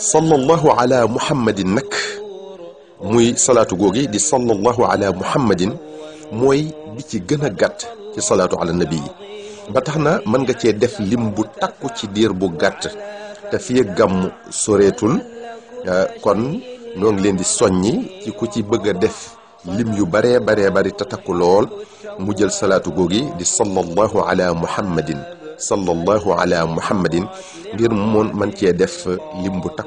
sallallahu ala muhammadin nag muy salaatu googi di sallallahu ala muhammadin mooy bi ci gën a gàtt ci salaatu ala nabi yi ba tax na mën nga cee def lim bu takku ci diir bu gàtt te fii gàmm soreetul eh, kon ñoo ngi leen di soññi ci ku ci bëgg a def lim yu baree baree bari te takku lool mu jël salaatu googi di sallallahu ala muhammadin sallallahu ala muhammadin ngir mu mën cee def lim bu takk